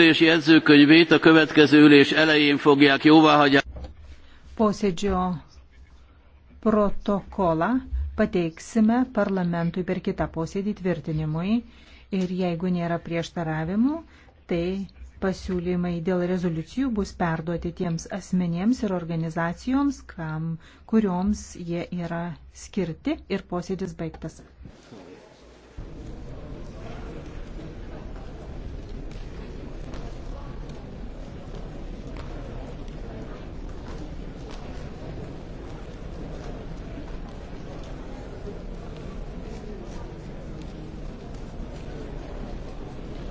ülés jegyzőkönyvét a következő ülés elején fogják jóváhagyni. Posėdžio protokolą pateiksime parlamentui per kitą posėdį tvirtinimui ir jeigu nėra prieštaravimų, tai pasiūlymai dėl rezoliucijų bus perduoti tiems asmenėms ir organizacijoms, kam, kurioms jie yra skirti ir posėdis baigtas.